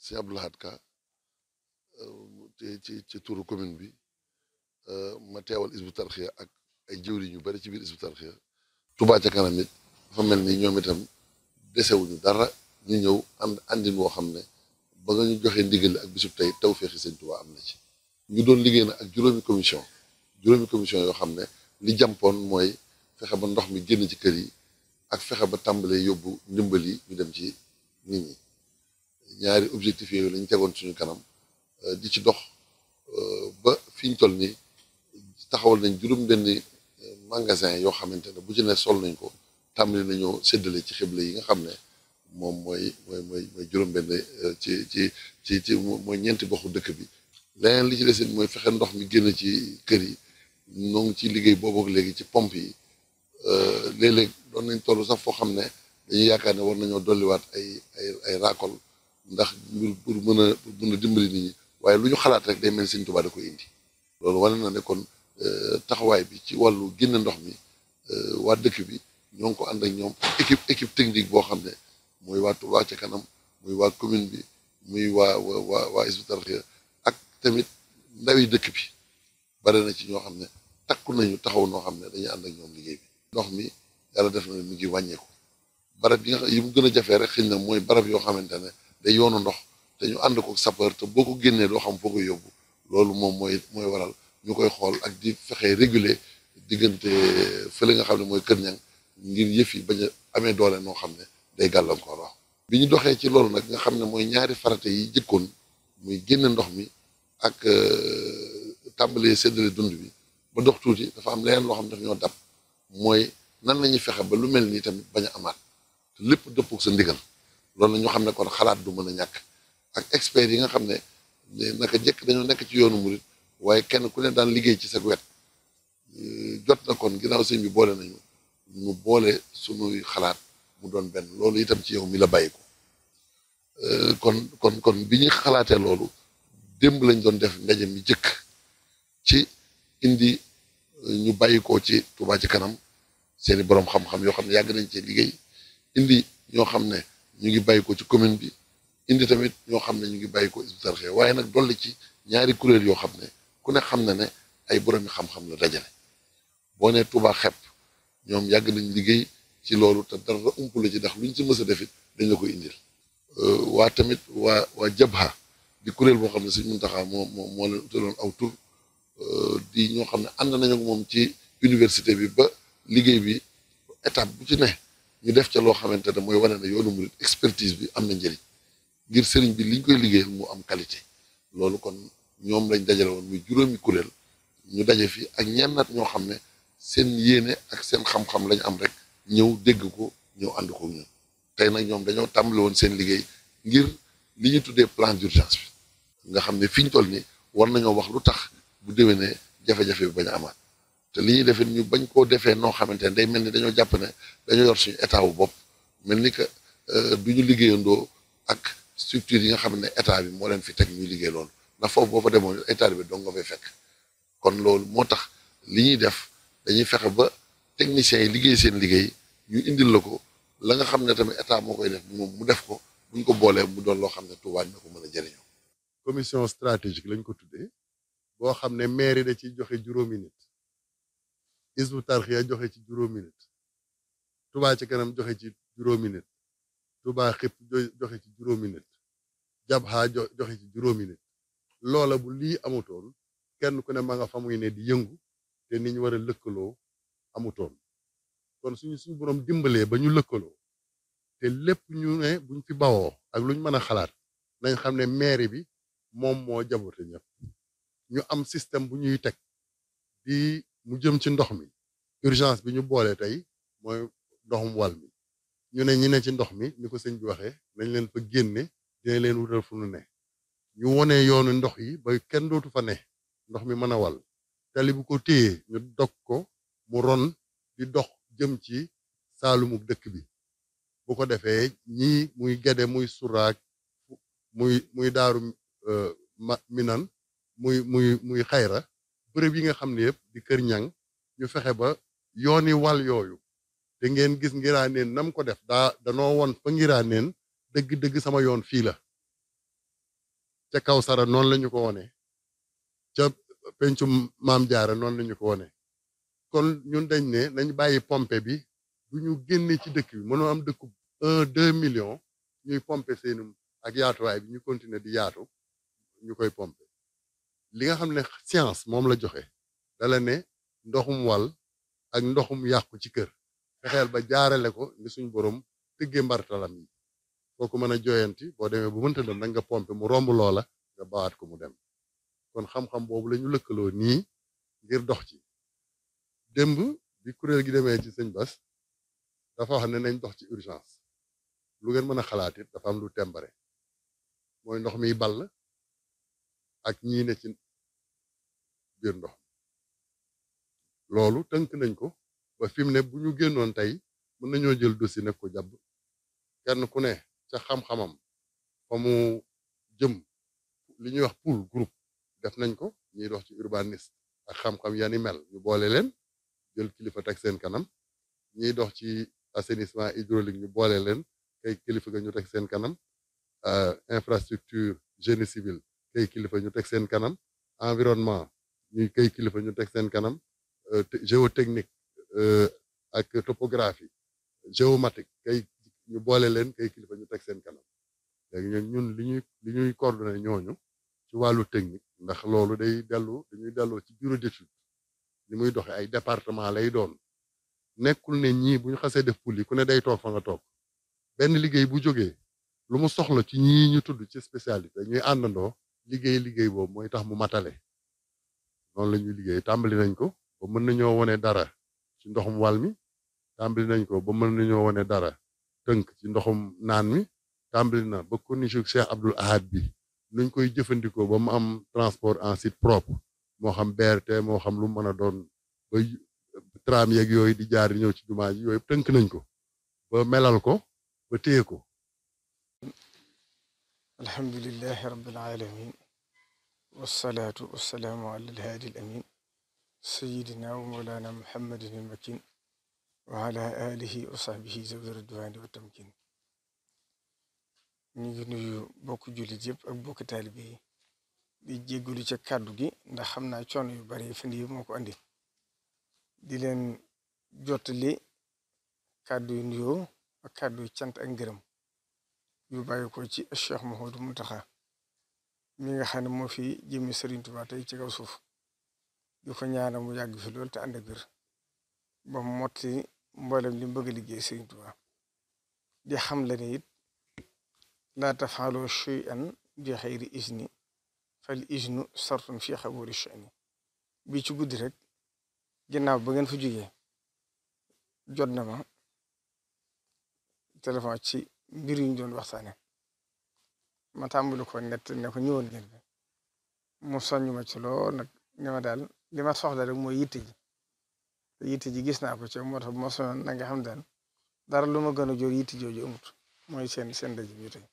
si Abdou Lahad Ka ci ci ci turu commune bi euh, ma teewal Hizbut Tarqiyyah ak ay jëwriñ yu bari ci biir Hizbut tubaa Touba ca kanam it dafa mel ni ñoom itam desewuñu dara ñu ñëw ànd àndin woo xam ne ba nga ñu joxee ndigal ak bisub tey tawféexi Sëñ Touba am na ci ñu doon liggéey na ak juróomi commission juróomi commission yoo xam ne li jàmpoon mooy fexe ba ndox mi génn ci kër yi ak fexe ba tàmbalee yóbbu ndimbal yi ñu dem ci nit ñi ñaari objectif yooyu lañu tegoon suñu kanam euh, di ci dox euh, ba fi ñu toll nii taxawal nañ juróom benn euh, magasin yoo xamante ne bu ci ne sol nañ ko tàmbali nañoo séddale ci xeble yi nga xam ne moom mooy mooy mooy mooy juróom benn ci ci ci ci mooy ñeenti boxu dëkk bi leneen li ci desit mooy fexe ndox mi génn ci kër yi noo ngi ci liggéey boobu léegi ci pompe yi Euh, léeg-léeg doon nañ toll sax foo xam ne dañuy yaakaar ne war nañoo dolliwaat ay ay ay ndax mbir pour mën a pour mën dimbali nit ñi waaye lu ñu xalaat rek day mel Sëriñ Tuubaa da koy indi loolu wane na ne kon euh, taxawaay bi ci wàllu génne ndox mi euh, waa dëkk bi ñoo ko ànd ak ñoom équipe équipe technique boo xam ne muy waa Touba ca kanam muy waa commune bi muy waa waa waa Hizbut Tarqiyyah ak tamit ndawi dëkk bi bare na ci ñoo xam ne takku nañu taxaw noo xam ne dañuy ànd ak ñoom liggéey bi ndox mi yàlla def na mu ngi wàññeeku barab yi yi mu gën a jafee rek xëy na mooy barab yoo xamante ne day yoonu ndox te ñu ànd ko sapeur te boo ko génnee doo xam foo koy yóbbu loolu moom mooy mooy waral ñu koy xool ak di fexee réguler diggante fële nga xam ne mooy Kër Ñang ngir yëf yi bañ a amee doole noo xam ne day gàllankoor wax bi ñu doxee ci loolu nag nga xam ne mooy ñaari farate yi jëkkoon muy génne ndox mi ak euh, tàmbalee seddalee dund bi ba dox tuuti dafa am leneen loo xam ne daf ñoo dab mooy nan lañuy ñuy fexe ba lu mel nii tamit bañ a amaat lépp dëppoo sa ndigal loolu la ñu xam ne kon xalaat du mën a ñàkk ak experts yi nga xam ne naka jekk dañoo nekk ci yoonu murit waaye kenn ku ne daan liggéey ci sa wet jot na kon ginnaaw sëñ bi boole nañu ñu boole sunuy xalaat mu doon benn loolu itam ci yow mi la bàyyi ko euh, kon kon kon bi ñu xalaatee loolu démb lañ doon def ndaje mi jëkk ci indi ñu bàyyi ko ci Touba ci kanam seen i borom xam-xam yoo xam ne yàgg nañ cee liggéey indi ñoo xam ne ñu ngi bàyyi ci commune bi indi tamit ñoo xam ne ñu ngi bàyyi ko hizbut waaye nag dolli ci ñaari kuréel yoo xam ne ku ne xam na ne ay boroomi xam-xam la dajale boo nee Touba xepp ñoom yàgg nañ liggéey ci loolu te dara ump la ci ndax luñ ci mës a defit dañ la koy indil euh, waa tamit waa waa jabha di kuréel boo xam ne si Muntaxa moo moo moo leen utaloon aw tur di ñoo xam ne ànd nañu moom ci université bi ba liggéey bi étape bu ci ne ñu def ca loo xamante ne mooy wane ne yoonu murit expertise bi am na njëriñ ngir sëriñ bi liñ koy liggéeyal mu am qualité loolu kon ñoom lañ dajale woon muy juróomi kuréel ñu daje fi ak ñan nat ñoo xam ne seen yéene ak seen xam-xam lañ am rek ñëw dégg ko ñëw ànd ko ñun tey nag ñoom dañoo tàmbali woon seen liggéey ngir li ñu tuddee plan d'urgence bi nga xam ne fi ñu toll ni war nañoo wax lu tax bu déwénee jafe-jafe bi bañ a amaat te li ñuy defee ñu bañ koo defee noo xamante ne day mel ni dañoo jàpp ne dañoo yor suñu état wu bopp mel ni que euh, du ñu liggéeyandoo ak structure yi nga xam ne état bi moo leen fi teg ñuy liggéey loolu ndax foofu boo fa demoon état bi dong nga fay fekk kon loolu moo tax li ñuy def dañuy fexe ba techniciens yi liggéey seen liggéey ñu indil la ko la nga xam ne tamit état moo koy def moom mu def ko buñ ko boolee mu doon loo xam ne Tuubaa ñu ko mën a jëriñoo commission stratégique lañ ko tuddee boo xam ne mairie da ciy joxe juróomi nit isbu tarxiya joxe ci juróomi tubaa ci kanam joxe ci juróomi nit tubaa xëpp joxe ci juróomi nit jabha joxe ci juróomi nit loola bu lii amutoon kenn ku ne ma nga ne di yëngu te ni ñu war a lëkkaloo amutoon kon suñu suñu borom dimbalee ba ñu lëkkaloo te lépp ñu ne buñ fi bawoo ak luñ mën a xalaat nañ xam ne mairie bi moom moo jabote ñëpp ñu am système bu ñuy teg di mu jëm ci ndox mi urgence bi ñu boole tey mooy ndoxum wal mi ñu ne ñi ne ci ndox mi ni ko sëñ bi waxee nañ leen fa génne dina leen wutal fu nu ne ñu wone yoonu ndox yi ba kenn dootu fa ne ndox mi mën a wal tali bu ko téye ñu dog ko mu ron di dox jëm ci saalumu dëkk bi bu ko defee ñii muy gede muy suraak muy muy daaru euh, minan muy muy muy xayra bërëb yi nga xam ne yëpp di kër ñang ñu fexe ba yooni wal yooyu te ngeen gis ngiraa neen nam ko def daa danoo woon fa ngiraa neen dëgg-dëgg sama yoon fii la ca kaw sara noonu la ñu ko wone ca pencu maam jaara noonu la ñu ko wone kon ñun dañ ne nañ bàyyi pompe bi du ñu génne ci dëkk bi mënoo am dëkku un deux millions ñuy pompe seenum ak yaatuwaay bi ñu continuer di yaatu ñu koy pompe li nga xam ne science moom la joxe dala ne ndoxum wal ak ndoxum yàqu ci kër fexeel ba jaarale ko ni suñ borom tëggee mbartalam yi foo ko mën a joyanti boo demee bu mënta dem nag nga pompe mu romb loola nga bawaat ko mu dem kon xam-xam boobu lañu lëkkaloo nii ngir dox ci démb bi kuréel gi demee ci sëñ Bas dafa xam ne nañ dox ci urgence lu ngeen mën a xalaat dafa am lu tembare mooy ndox mi ball ak ñii ne ci biir ndox loolu tënk nañ ko ba fi mu ne bu ñu génnoon tey mën nañoo jël dossier nekk ko jàpp kenn ku ne ca xam-xamam fa jëm li ñuy wax pool group def nañ ko ñuy dox ci urbaniste ak xam-xam yani mel ñu boole leen jël kilifa teg seen kanam ñiy dox ci assainissement hydraulique ñu boole leen kay kilifa ga ñu teg seen kanam euh, infrastructure génie civil kay kilifa ñu teg seen kanam environnement ñuy kay kilifa ñu teg seen kanam euh, géotechnique euh, ak topographie géomatique kay ñu boole leen kay kilifa ñu teg seen kanam léegi ñun li ñuy li ñuy coordonné ñooñu ci wàllu technique ndax loolu day dellu dañuy delloo ci bureau d'étude ni muy doxe ay département lay doon nekkul ne ñii bu ñu xasee def pul ku ne day toog fa nga toog benn liggéey bu jógee lu mu soxla ci ñii ñu tudd ci spécialité ñuy àndandoo liggéey liggéey boobu mooy tax mu matale noonu la liggéey tàmbali nañ ko ba mën nañoo wone dara ci ndoxum wal mi tàmbali nañ ko ba mën nañoo wone dara tënk ci ndoxum naan mi tàmbali na ba corniche u Cheikh Abdoul Ahad bi nuñ koy jëfandikoo ba mu am transport en site propre moo xam BRT moo xam lu mën a doon ba tram yeeg yooyu di jaar ñëw ci jumaa ji yooyu tënk nañ ko ba melal ko ba téye ko الحمد لله رب العالمين والصلاة والسلام على الهادي الأمين سيدنا ومولانا محمد المكين وعلى آله وصحبه زوج الردوان والتمكين نجد نيو بوك جولي جيب اك بوك طالبي دي جيغولو تي كادو جي ندا خمنا تشون يو بري فندي موكو اندي دي لين جوتلي كادو نيو كادو تيانت ان غيرم yu bàyyi ko ci Cheikh mu taxa mi nga xam ne moo fi jëmmi Serigne tey ci kaw suuf di ko ñaanal mu yàgg fi lool te ànd ak biir ba motti mboolem li mu bëgg liggéey Serigne di xam le ne it laa tafaaloo shay'an bi xayri izni fal iznu sartun fi xaburi sha'ni bi ci guddi rek ginnaaw ba ngeen fa jot na ma téléphone ci. mbir yi ñu doon waxtaane ma tàmbali ko nett ne ko ñëwoon ngeen fi mu ci lool nag ne ma daal li ma soxla rek moo yitte ji ji gis naa ko ci moo tax bu ma na nga xam daal dara lu ma gën a jóor yitte jooju amut mooy seen seen daje bi tey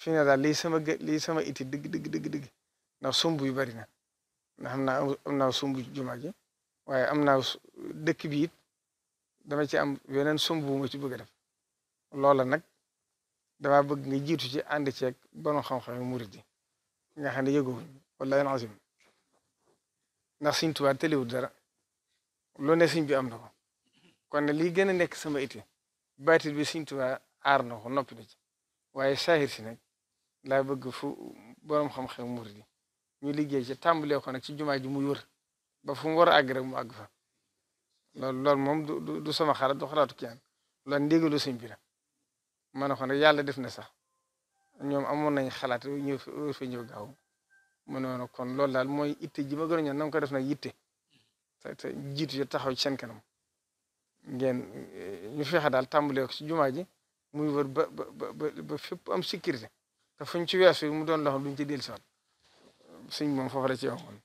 fii ne daal lii sama lii sama itti dëgg dëgg dëgg dëgg ndax sumb yu bari na ndax xam naa am sumb jumaa ji waaye am naa dëkk bi it dama ci am yeneen sumb bu ma ci bëgg a def loola nag dama bëgg nga jiitu ci ànd ceeg borom xam-xam yi murid yi nga xam ne yëgowuñ wallahi azim ndax Sëñ Tuubaa tëliwul dara loo ne sëñ bi am na ko kon ne lii gën a nekk sama iti baatit bi Sëñ Tuubaa aar na ko noppi na ci waaye saahir si nag laa bëgg fu borom xam-xam murid yi ñu liggéey ci tàmbalee ko nag ci jumaa ji muy wër ba fu war a àgg mu àgg fa loolu loolu moom du du sama xalaat du xalaatu kenn loolu ndigalu sëñ bi la ma ne ko nag yàlla def na sax ñoom amoon nañ xalaat ñëw fi ñëw gaaw mu ne kon loolu daal mooy itte ji ma gën a ñor na nga ko def nag yitte te te jiitu yi taxaw ci seen kanam ngeen ñu fexe daal tàmbalee ko ci jumaa ji muy wër ba ba ba ba fépp am sécurité te fuñ ci weesu mu doon loo xam duñ ci dellusiwaat suñ moom foofu la ci waxoon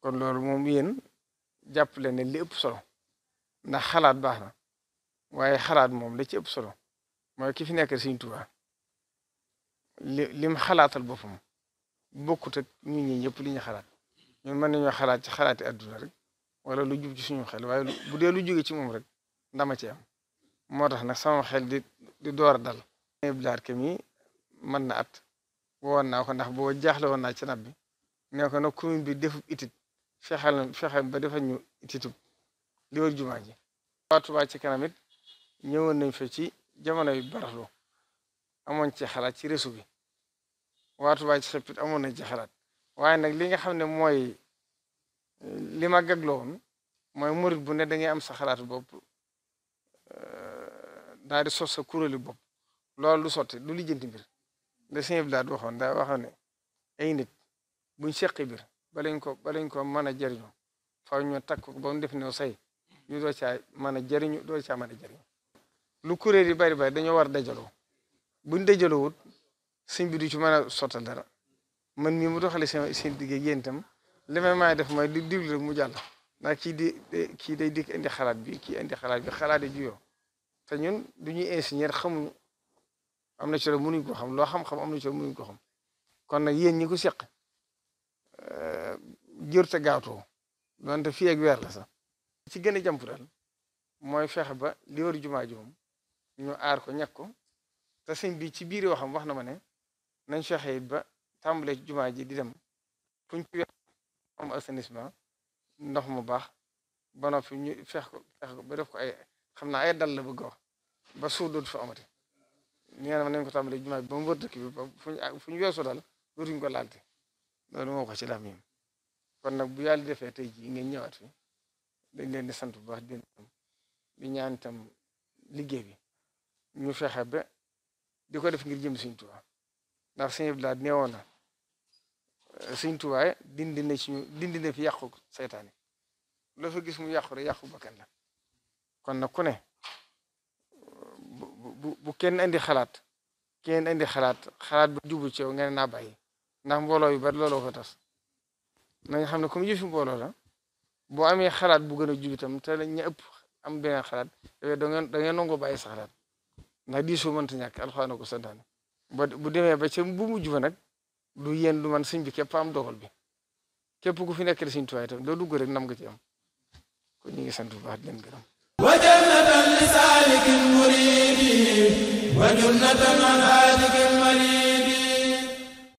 kon loolu moom yéen jàpp leen ne li ëpp solo ndax xalaat baax na waaye xalaat moom la ci ëpp solo. mooy ki fi nekkal Sëriñ Tuubaa lim xalaatal boppam bokkut ak ñun ñi ñëpp li ñu xalaat ñun mën nañoo xalaat ci xalaati adduna rek wala lu jub ci suñu xel waaye bu dee lu jóge ci moom rek ma ci am moo tax nag sama xel di di door dal. blaar ke mi mën na at woon naa ko ndax boo jaaxle woon naa ci nab bi ne ko nag commune bi defub itit fexal na fexal ba defal ñu ititub li wër jumaa ji waa ci kanam it ñëwoon jamono yu barax amon ci xalaat ci resu bi waa Touba ci xepit amon na ci xalaat waaye nag li nga xam ne mooy li ma gagloo woon mooy murit bu ne da ngay am sa xalaatu bopp daal di sos sa kuréelu bopp loolu lu sotti du lijjanti mbir da sëñ bi daal waxoon daa waxoon ne ay nit buñ seqi bir balañ ko balañ ko mën a jariñu faw ñu takk ba mu def ne say ñu doo caa mën a jariñu doo caa mën a jariñu lu kuréel yi bari bari dañoo war dajaloo buñ dajaloo wut sëñ bi du ci mën a sottal dara man mii mu doxale seen seen diggéey yéen itam def mooy di diglu rek mu jàll ndax kii di kii day dikk indi xalaat bi kii indi xalaat bi xalaat yi yoo te ñun du ñuy ingénieur xamuñu am na ci la mënuñ ko xam loo xam-xam na ci la ko xam kon nag yéen ñi ko seq eh, jër te gaawtoo donte fii ak la sax ci gën a jàmp daal mooy fexe ba li war jumaa ji moom ñu aar ko ñàkk tasin bi ci biir waxam wax na ma ne nañ fexe ba tàmbalee ci jumaa ji di dem fuñ ci am assainissement ndox mu baax ba noppi ñu fex ko ba def ko ay xam naa ay dal la bëgg wax ba suuf dootu fa amati nee na nañ ko tàmbalee jumaa ji ba mu wër fu ñu weesu dal dootuñu ko laalte loolu moo ko ci lam ñim kon nag bu yàlla defee tey ji ngeen ñëwaat fi dañ leen di sant bu baax di ñaan itam liggéey bi ñu fexe ba di ko def ngir jëm Sëñ Tuubaa ndax Sëñ Abdul Ahad neewoon na Sëñ Tuubaa dindi ci ñu dindi na fi yàqu seytaane loo fa gis mu yàqu rek yàqu bakkan la kon nag ku ne bu bu kenn indi xalaat kenn indi xalaat xalaat bu jubu ci yow nga ne naa ndax mbooloo yu bari looloo ko tas na xam ne kom yëfi mbooloo la boo amee xalaat bu gën a jub itam te la ñu ëpp am beneen xalaat dafay da ngeen da ngeen nangoo bàyyi sa xalaat na diisoo mënta ñàkk alxuraan na ko santaane bu demee ba ca bu mujj ba nag du yéen du man sëñ bi képp am dogal bi képp ku fi nekk di sëñ Tuubaa itam loo dugg nam nga ci am kon ñu ngi sant bu baax di leen gërëm وجنة لسالك مريد وجنة